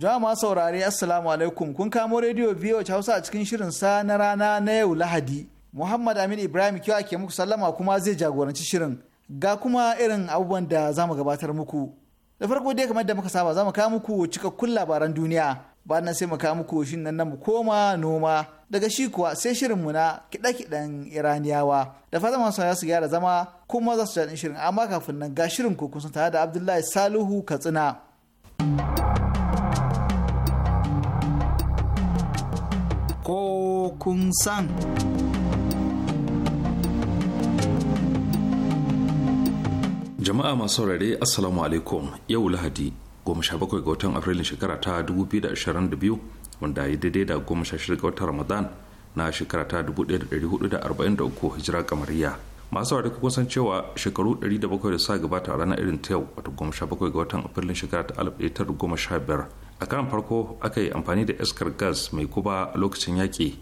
Jama'a saurari Assalamu alaikum kun kamo rediyo biyu Hausa a cikin shirin sa na rana na yau Lahadi. Muhammad Amin Ibrahim kyau ake muku sallama kuma zai jagoranci shirin. Ga kuma irin abubuwan da za mu gabatar muku. Da farko dai kamar da muka saba za mu kawo muku cikakkun labaran duniya. Bayan nan sai mu kawo muku shin nan mu koma noma. Daga shi kuwa sai shirin mu na kiɗe-kiɗen Iraniyawa. Da fatan masu su gyara zama kuma za su jaɗin shirin amma kafin nan ga shirin kun sun tare da Abdullahi Salihu Katsina. ko kun san. Jama'a masu saurare Assalamu alaikum yau Lahadi goma sha bakwai ga watan Afrilun shekara ta 2022 wanda ya daidai da goma sha shirin ga watan Ramadan na shekara ta 1443 hijira kamariya. Masu saurare kun san cewa shekaru 107 da sa gabata a ranar irin ta yau wato goma sha bakwai ga watan Afrilun shekara ta 1915 a karan farko aka yi amfani da iskar gas mai kuba a lokacin yaƙi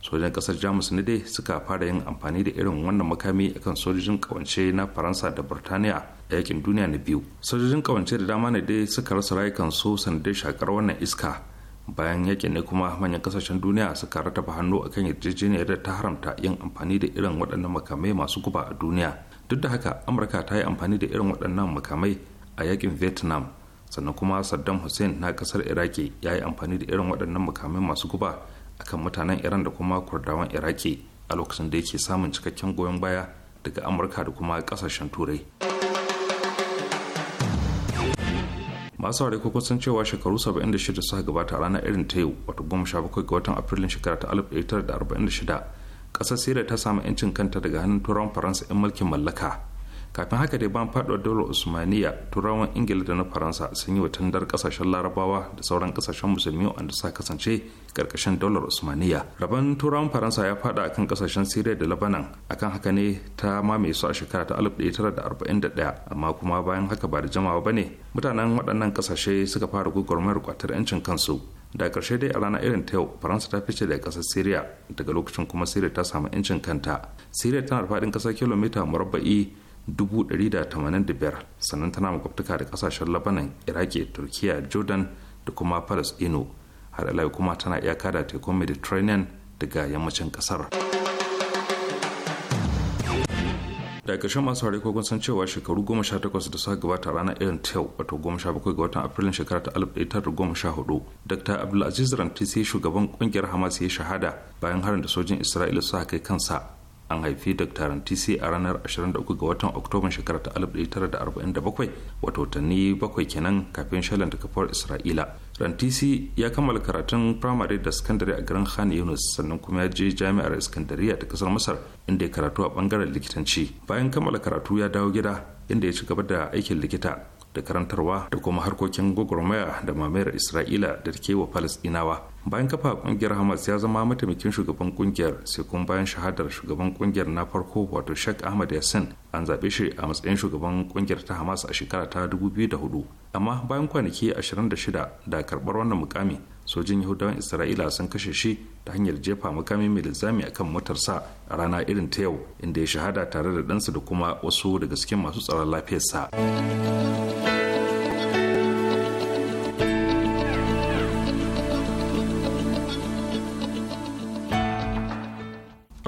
sojan ƙasar jamus ne dai suka fara yin amfani da irin wannan makami akan sojojin ƙawance na faransa da burtaniya a yakin duniya na biyu sojojin ƙawance da dama ne dai suka rasa rayukan rayukansu sanadai shakar wannan iska bayan yakin ne kuma manyan kasashen duniya suka rataba hannu akan yarjejeniyar da ta haramta yin amfani da irin waɗannan makamai masu guba a duniya duk da haka amurka ta yi amfani da irin waɗannan makamai a yakin vietnam sannan kuma saddam hussein na kasar iraki ya yi amfani da irin waɗannan mukamin masu guba akan mutanen iran da kuma kurdawan iraki a lokacin da yake samun cikakken goyon baya daga amurka da kuma ƙasashen turai masu saurari ko kusan cewa shekaru 76 suka gabata a ranar irin ta yau wato 17 ga watan afrilun shekara ta 1946 ƙasar sirri ta samu 'yancin kanta daga hannun turawan faransa 'yan mulkin mallaka kafin haka dai ban faɗuwar dole usmaniya turawan ingila da na faransa sun yi watandar kasashen larabawa da sauran kasashen musulmi wanda sa kasance karkashin daular usmaniya rabon turawan faransa ya faɗa akan kasashen siriya da labanan akan haka ne ta mamaye su a shekara ta 1941 amma kuma bayan haka ba da jamawa ba ne mutanen waɗannan kasashe suka fara gugurmayar kwatar 'yancin kansu da karshe dai a rana irin ta yau faransa ta fice daga ƙasar siriya daga lokacin kuma siriya ta samu 'yancin kanta siriya tana da faɗin ƙasar kilomita murabba'i biyar sannan tana makwabtaka da kasashen labanan iraki turkiya jordan da kuma paris ino har alayi kuma tana iyaka da tekun mediterranean daga yammacin kasar daga ƙarshen masu haure kogon san cewa shekaru 18 da suka gabata ranar irin tau wato 17 ga watan afrilun shekara ta 1914 dr abdulaziz rantisi shugaban kungiyar hamas ya shahada bayan harin da sojin isra'ila suka kai kansa an haifi dr rantisi a ranar 23 ga watan oktoban shekarar ta 1947 wato watanni bakwai kenan kafin shalin da kafar isra'ila rantisi ya kammala karatun firamare da sakandare a garin khan yunus sannan kuma ya je jami'ar iskandariya ta kasar masar inda ya karatu a bangaren likitanci bayan kammala karatu ya dawo gida inda ya ci gaba da aikin likita da karantarwa da kuma harkokin gwagwarmaya da mamayar isra'ila da take wa falasɗinawa bayan kafa kungiyar hamas ya zama mataimakin shugaban kungiyar sai kuma bayan shahadar shugaban kungiyar na farko wato sheikh ahmad yasin an zaɓe shi a matsayin shugaban kungiyar ta hamas a shekara ta 2004 amma bayan kwanaki 26 da karɓar wannan mukami sojin yahudawan isra'ila sun kashe shi ta hanyar jefa mukami mai linzami a kan motarsa a rana irin ta yau inda ya shahada tare da ɗansa da kuma wasu daga cikin masu tsaron lafiyarsa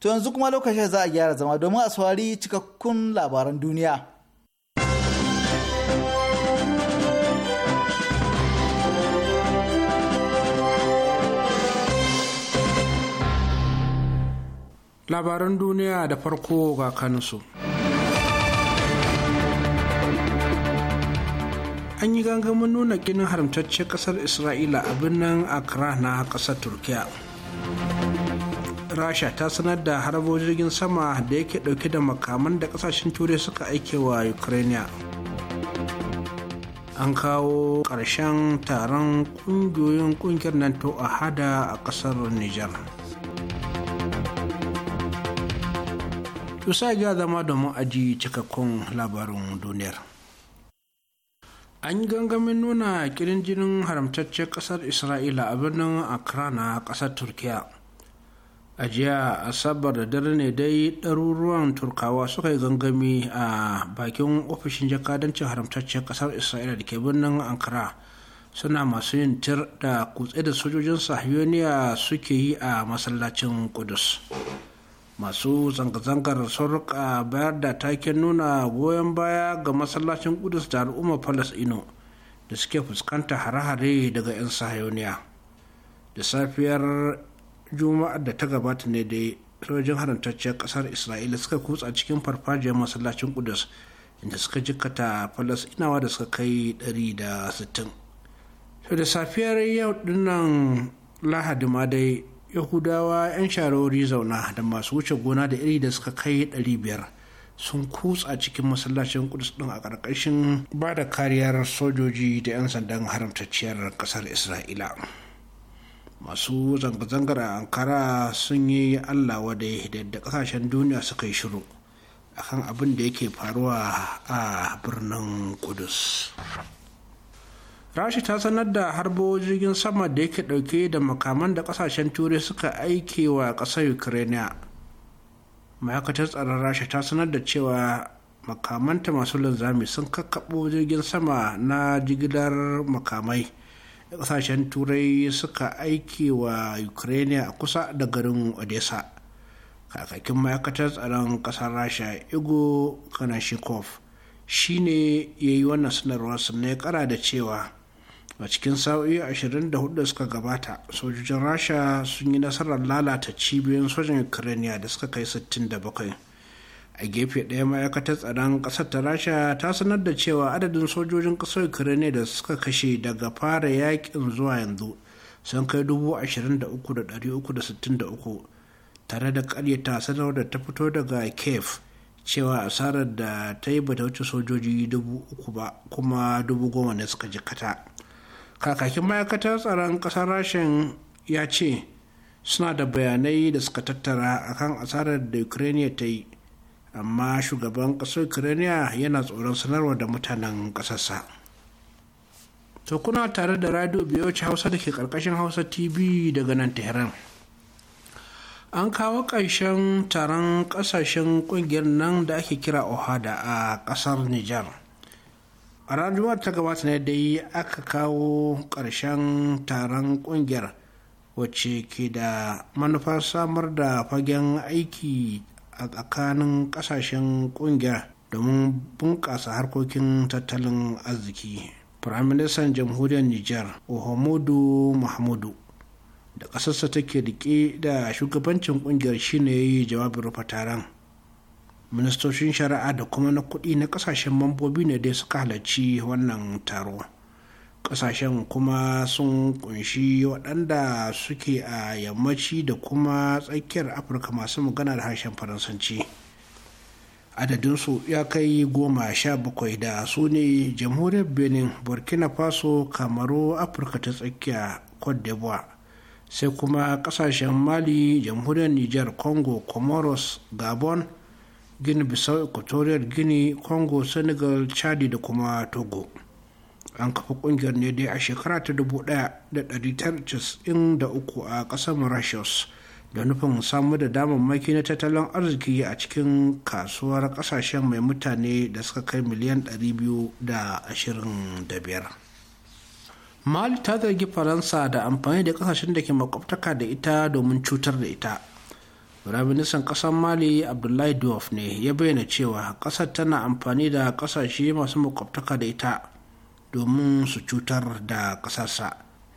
To yanzu kuma lokacin za a gyara zama domin a saurari cikakkun labaran duniya. Labaran duniya da farko ga kansu. An yi gangamin nuna ginin haramtacce ƙasar Isra'ila a birnin Accra na ƙasar Turkiya. rasha ta sanar da harbo jirgin sama da yake dauke da makaman da kasashen turai suka aike wa ukraine an kawo ƙarshen taron ƙungiyoyin ƙungiyar nan to a hada a ƙasar niger tusa ga zama domin aji cikakkun labarin duniyar an yi gangamin nuna kirin jinin haramtaccen kasar isra'ila a birnin accra na kasar turkiya a jiya asabar da dare ne dai ɗaruruwan turkawa suka yi gangami a bakin ofishin jakadancin haramtaccen ƙasar isra'ila da ke birnin ankara suna masu yin tir da kutse da sojojin sahiyoniya suke yi a masallacin kudus masu zanga-zangar sun rika bayar da taken nuna goyon baya ga masallacin kudus da al'ummar falasino da suke fuskanta hare-hare daga 'yan sahiyoniya da safiyar juma'ar da ta gabata ne da sojojin haramtacciyar kasar isra'ila suka kutsa cikin farfajiyar masallacin kudus inda suka jikata inawa da suka kai 160 to da safiyar yau dinnan lahadi ma dai yahudawa 'yan sharori zauna da masu wuce gona da iri da suka kai 500 sun kutsa cikin masallacin kudus din a ƙarƙashin ba da kariyar sojoji da 'yan sandan haramtacciyar kasar isra'ila masu zanga-zangar a ankara sun yi allah wada da yadda kasashen duniya suka yi shiru akan abin da yake faruwa a birnin kudus rashi ta sanar da harbo jirgin sama da yake dauke da makaman da kasashen turai suka aike wa kasar Ukraina. ma'aikatar tsaron rashi ta sanar da cewa makamanta masu linzami sun kakkaɓo jirgin sama na jigilar makamai da kasashen turai suka aiki wa ukraine a kusa da garin odessa kakakin ma'aikatar tsaron kasar rasha igo kanashikov shi ne ya yi wannan sanarwar sannan ya kara da cewa a cikin sa'o'i 24 da suka gabata sojojin rasha sun yi nasarar lalata cibiyoyin sojan ukraine da suka kai 67 a gefe ɗaya ma'aikatar tsaron ƙasar ta rasha ta sanar da cewa adadin sojojin ƙasar ukraine da suka kashe daga fara yakin zuwa yanzu sun kai uku, tare da ƙaryata sanar da ta fito daga kiev cewa asarar da ta yi bata wuce sojoji uku ba kuma goma ne suka jikata kakakin ma'aikatar tsaron ƙasar rashin ya ce suna da bayanai da suka tattara akan asarar da ukraine ta yi amma shugaban ƙasar ukraine yana tsoron sanarwa da mutanen ƙasarsa to kuna tare da radio biyoci hausa da ke ƙarƙashin hausa tv daga nan tehran an kawo ƙarshen taron ƙasashen ƙungiyar nan da ake kira ohada a ƙasar Nijar. a ranar ta gabata ne dai aka kawo ƙarshen taron ƙungiyar wacce ke da manufar samar da fagen aiki a tsakanin kasashen kungiyar domin bunƙasa harkokin tattalin arziki firaministan jamhuriyar niger muhammadu mahmudu da ƙasarsa take rike da shugabancin kungiyar shine yi jawabin rufe taron ministocin shari'a da kuma na kuɗi na ƙasashen mambobi ne dai suka halarci wannan taro. ƙasashen kuma sun kunshi waɗanda suke a yammaci da kuma tsakiyar afirka masu magana da harshen faransanci adadinsu ya kai goma sha bakwai da su ne jamhuriyar benin burkina faso kamaru afirka ta tsakiya cote d'ivoire sai kuma kasashen mali jamhuriyar niger congo comoros gabon guinea bissau equatorial guinea congo senegal chadi da kuma togo an kafa kungiyar ne dai a shekara ta dubu da da uku a kasar mauritius da nufin samu da damammaki na tattalin arziki a cikin kasuwar ƙasashen mai mutane da suka kai miliyan biyu da da ashirin biyar. mali ta zargi faransa da amfani da kasashen da ke makwabtaka da ita domin cutar da ita raminisan ƙasar Mali Abdullahi Diouf ne ya bayyana cewa ƙasar tana amfani da ƙasashe masu makwabtaka da ita domin su cutar da ƙasarsa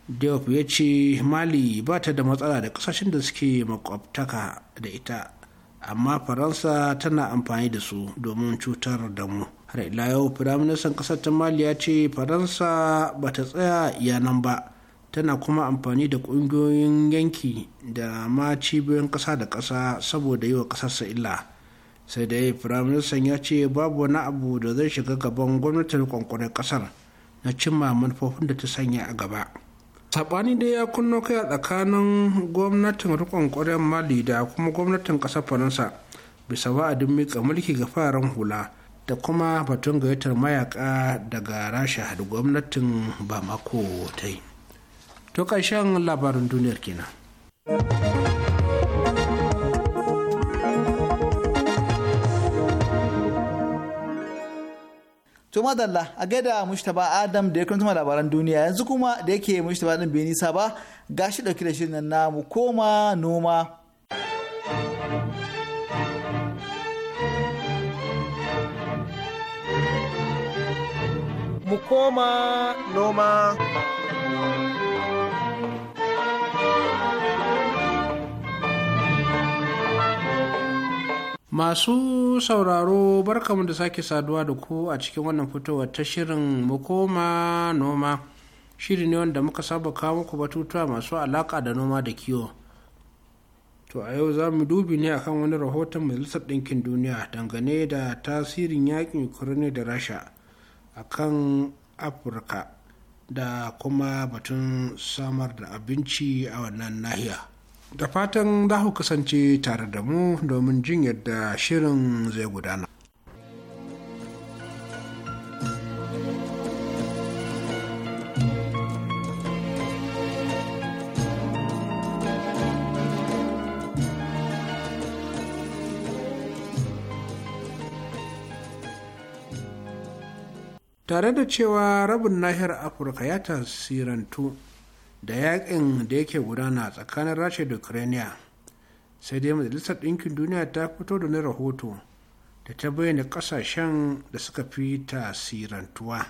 diop ya ce mali ba ta da matsala da ƙasashen da suke makwabtaka da ita amma faransa tana amfani da su domin cutar da mu har ila yau firaministan ƙasar ta mali ya ce faransa ba ta tsaya yanan ba tana kuma amfani da ƙungiyoyin yanki da ma cibiyoyin ƙasa da ƙasa saboda yi wa ƙasarsa illa sai dai firaministan ya ce babu wani abu da zai shiga gaban gwamnatin kwankwarin ƙasar na cimma manufofin da ta sanya a gaba saɓani dai ya kunno kai a tsakanin gwamnatin rikon ƙwarar mali da kuma gwamnatin ƙasar faransa bisa wa'adin mika mulki ga fararen hula da kuma batun gayyatar mayaka daga rasha da gwamnatin bamako ta yi to ƙarshen labarin duniyar kenan. to madalla a gaida mushtaba adam da ya kuma labaran duniya yanzu kuma da yake mushtaba din bai nisa ba gashi dauki da shirin namu koma noma mu koma noma Masu sauraro barkamu da sake saduwa da ku a cikin wannan fitowa ta shirin mukoma noma. Shiri ne wanda muka saba kawo muku batutuwa masu alaka da noma da kiwo. To a yau za mu dubi ne akan wani rahoton Majalisar Ɗinkin Duniya dangane da tasirin yakin Ukraine da Rasha akan Afirka da kuma batun samar da abinci a wannan nahiya. da fatan za ku kasance tare da mu domin jin yadda shirin zai gudana. tare da cewa rabin nahiyar afirka ya tasirantu da yakin da yake gudana tsakanin rasha da ukraine sai dai majalisar ɗinkin duniya ta fito da na rahoto da ta bayyana ƙasashen da suka fi tasirantuwa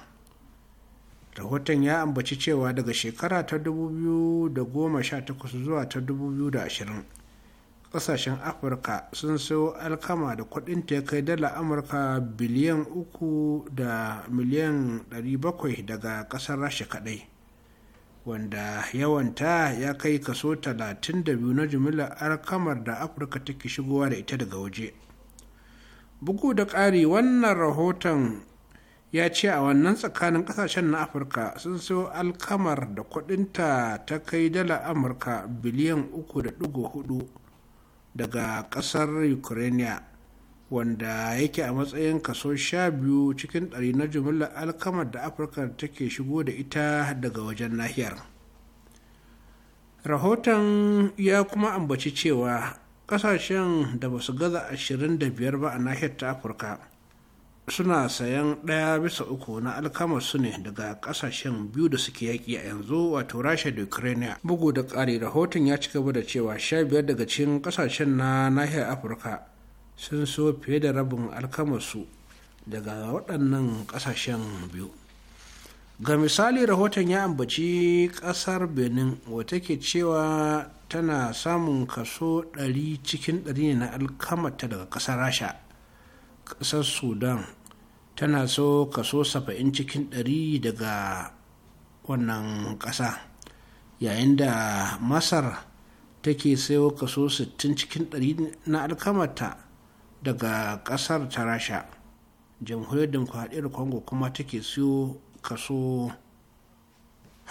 rahoton ya ambaci cewa daga shekara ta 2018 zuwa ta 2020 ƙasashen afirka sun sayo alkama da kuɗin ta kai dala amurka biliyan 3 da miliyan 700 daga ƙasar rasha kaɗai wanda yawanta ya kai kaso 32 na jumila alkamar da afirka take shigowa da ita daga waje bugu da ƙari wannan rahoton ya ce a wannan tsakanin kasashen na afirka sun sayo alkamar da kudinta ta kai dala amurka biliyan 3.4 daga ƙasar ukraine wanda yake a matsayin kaso sha biyu cikin ɗari na jumlar alkamar da afirka take shigo da ita daga wajen nahiyar rahoton ya kuma ambaci cewa ƙasashen da ba su gaza 25 ba a nahiyar ta afirka suna sayan ɗaya bisa uku na alkamar su ne daga ƙasashen biyu da suke yaƙi a yanzu wato rasha da ukraine bugu da ƙari rahoton ya ci gaba da cewa sha biyar daga cikin ƙasashen na nahiyar afirka sun so fiye da rabin alkamarsu daga waɗannan ƙasashen biyu ga misali rahoton ya ambaci ƙasar benin wata ke cewa tana samun kaso 100 cikin 100 na alkamata daga ƙasar rasha ƙasar sudan tana so kaso 70 cikin 100 daga wannan ƙasa yayin da masar take sayo kaso 60 cikin 100 na alkamata daga kasar ta rasha jamhuriyar dimokuraɗiyyar congo kuma take siyo kaso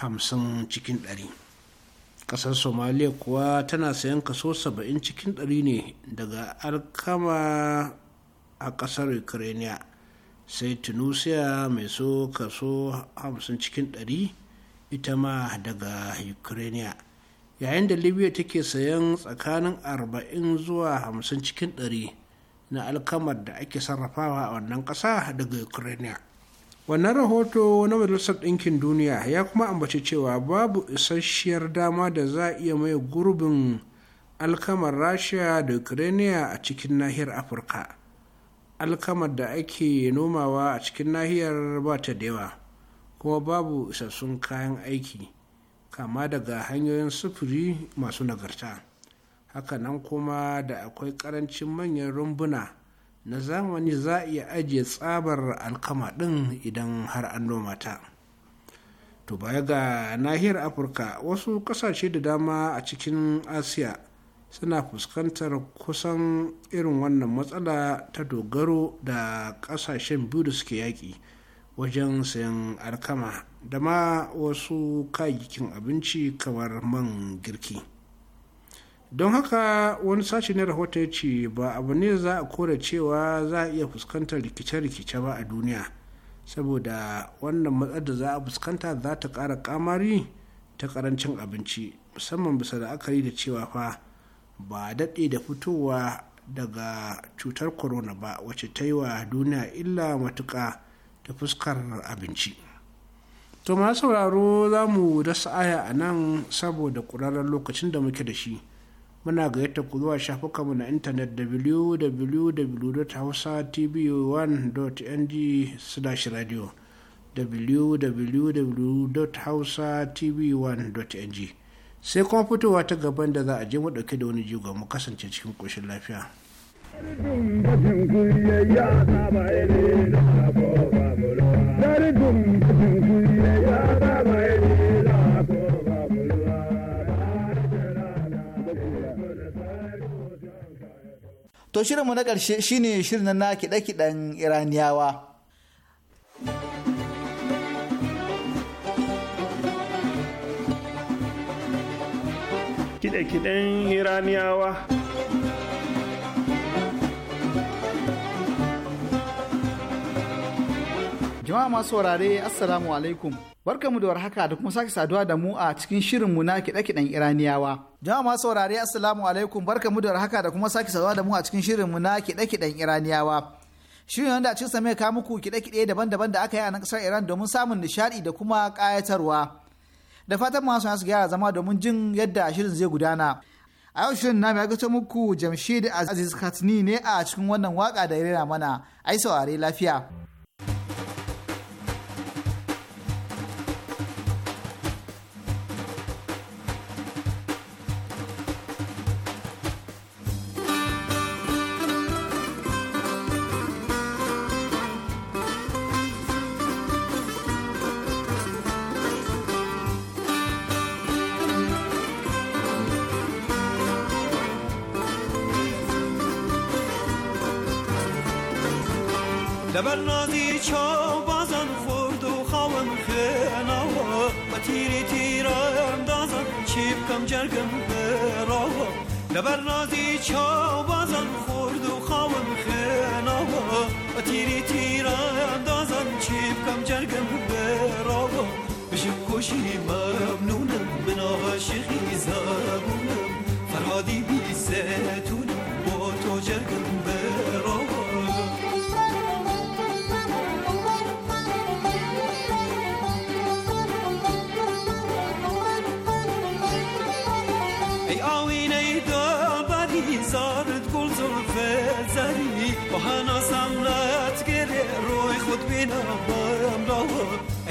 50 cikin 100 kasar somaliya kuwa tana sayan kaso 70 cikin 100 ne daga alkama a kasar ukraine sai tunisia mai so kaso 50 cikin 100 ita ma daga ukraine yayin da libya take sayan tsakanin 40 zuwa 50 cikin 100 na alkamar da ake sarrafawa a wannan ƙasa daga ukraine wannan rahoto na majalisar ɗinkin duniya ya kuma ambaci cewa babu isasshiyar dama da za a iya mai gurbin alkamar rasha da ukraine a cikin nahiyar afirka alkamar da ake nomawa a cikin nahiyar ba ta da kuma babu isassun kayan aiki kama daga hanyoyin sufuri masu nagarta. hakanan kuma da akwai karancin manyan rumbuna na zamani za a iya ajiye tsabar alkama ɗin idan har an noma ta to baya ga nahiyar afirka wasu ƙasashe da dama a cikin asiya suna fuskantar kusan irin wannan matsala ta dogaro da ƙasashen biyu da suke yaƙi wajen sayan alkama da ma wasu kayayyakin abinci kamar man girki. don haka wani sashi na rahoto ya ce ba abu ne za a kore cewa za a iya fuskantar rikice-rikice ba a duniya saboda wannan matsar da za a fuskanta za ta ƙara kamari ta ƙarancin abinci musamman bisa da akari da cewa fa ba daɗe da fitowa daga cutar corona ba wacce ta yi wa duniya illa matuƙa ta fuskar abinci to masu sauraro za mu dasa aya a nan saboda ƙurarren lokacin da muke da shi muna gayyata ku zuwa shafukanmu na intanet www.hausatv1.ng/radio www.hausatv1.ng sai kuma fitowa ta gaban da za a je dauke da wani jigo mu kasance cikin koshin lafiya. Dari dum to shirinmu na ƙarshe shine shirin na kiɗe-kiɗen iraniyawa kiɗe-kiɗen iraniyawa Jama'a masu saurare Assalamu alaikum. Barkamu da warhaka da kuma sake saduwa da mu a cikin shirinmu na kiɗe-kiɗen Iraniyawa. Jama'a masu saurare Assalamu alaikum. Barkamu da warhaka da kuma sake saduwa da mu a cikin shirinmu na kiɗe-kiɗen Iraniyawa. Shirin wanda a cikin sa mai kawo muku kiɗe-kiɗe daban-daban da aka yi a nan ƙasar Iran domin samun nishaɗi da kuma ƙayatarwa. Da fatan masu su gyara zama domin jin yadda shirin zai gudana. A yau shirin na ya gato muku Jamshid Aziz Katni ne a cikin wannan waka da ya rera mana. Ai saurare lafiya. habernos dicho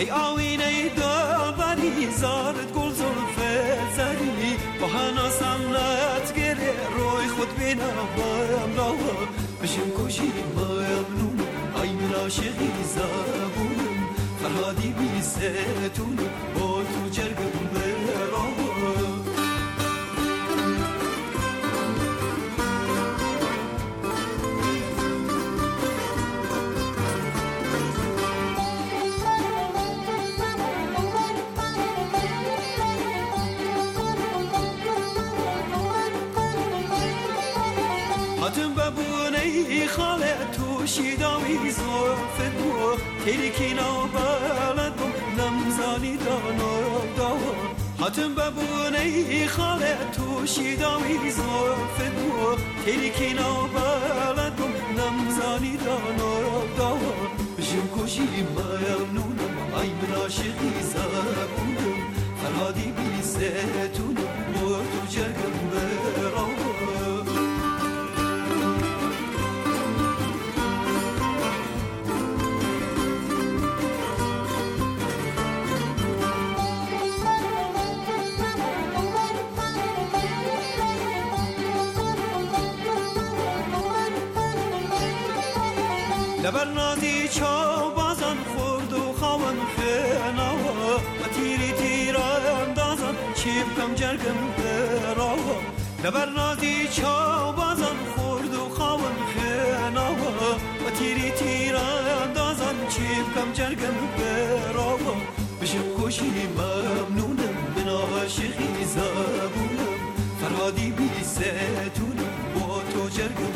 ای آینه داوری زارت گل زلف زری با هناسم نت گره روی خود بینا بایم را بشم کشی بایم نون آی من عاشقی زبونم فرهادی بی ستونم کشیدم این زرف دو کلیکینا بلد بودم زانی دانا دانا حتم ببونه خاله توشیدم این زرف دو کلیکینا بلد بودم زانی دانا دانا بشم کشی ممنونم عیم راشقی زبونم فرادی بی ستونم مرد و جگم لبر نازی چاو بازان خورد و خوان خینا و تیری تیرا اندازان چیب کم جرگم برا لبر نازی چاو بازان خورد و خوان خینا و تیری تیرا اندازان چیب کم جرگم برا بشم خوشی ممنونم من عاشقی زبونم فرادی بی ستونم با تو جرگم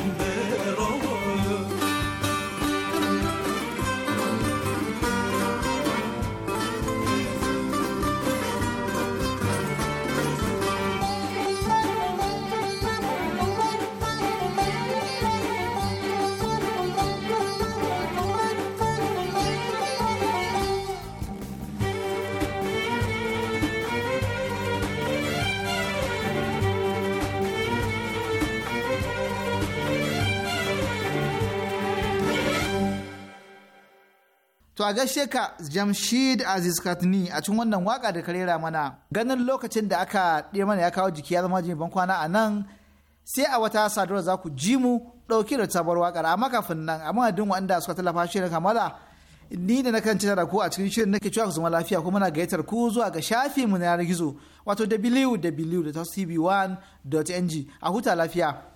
To a gaishe ka Jamshid Aziz Katni a cikin wannan waka da karera mana ganin lokacin da aka ɗi mana ya kawo jiki ya zama jimi kwana a nan sai a wata sadarwa za ku ji mu ɗauki da sabuwar wakar amma kafin nan a madadin wanda suka tallafa ne kamala ni da na kan da ku a cikin shirin nake cewa ku zama lafiya kuma na gayyatar ku zuwa ga shafi mu na yanar gizo wato www.tv1.ng a huta lafiya.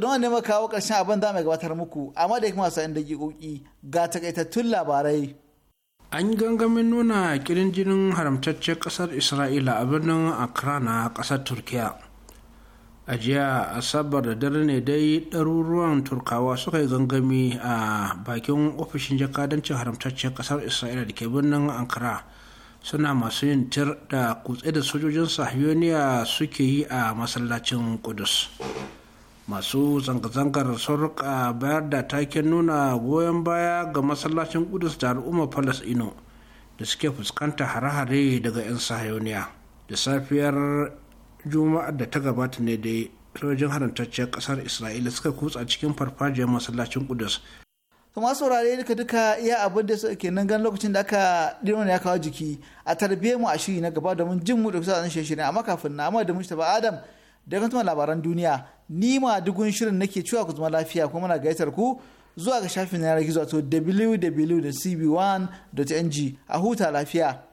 don ne kawo ƙarshen abin da mai gabatar muku amma da kuma sa'in dakikoki ga takaitattun labarai. An yi gangamin nuna kirin jinin haramtaccen ƙasar Isra'ila a birnin Accra na kasar Turkiya. A jiya Asabar da dare ne dai ɗaruruwan Turkawa suka yi gangami a bakin ofishin jakadancin haramtaccen ƙasar Isra'ila da ke birnin ankara suna masu yin tir da kutse da sojojin sahiyoniya suke yi a masallacin Kudus. masu zanga-zangar sun rika bayar da taken nuna goyon baya ga masallacin kudus da al'ummar ino da suke fuskanta hare-hare daga 'yan sahayoniya da safiyar juma'ar da ta gabata ne da sojin harantacciyar kasar isra'ila suka kutsa cikin farfajiyar masallacin kudus to masu saurare duka duka iya abin da suke nan gan lokacin da aka dino ya kawo jiki a tarbiyyar mu a shiri na gaba domin jin mu da kusa da shirye shiryen amma kafin na amma da mu ba adam da kan labaran duniya ni ma dugun shirin nake cewa ku zama lafiya kuma na gaitar ku zuwa ga shafin yanar gizo to www.cb1.ng a huta lafiya.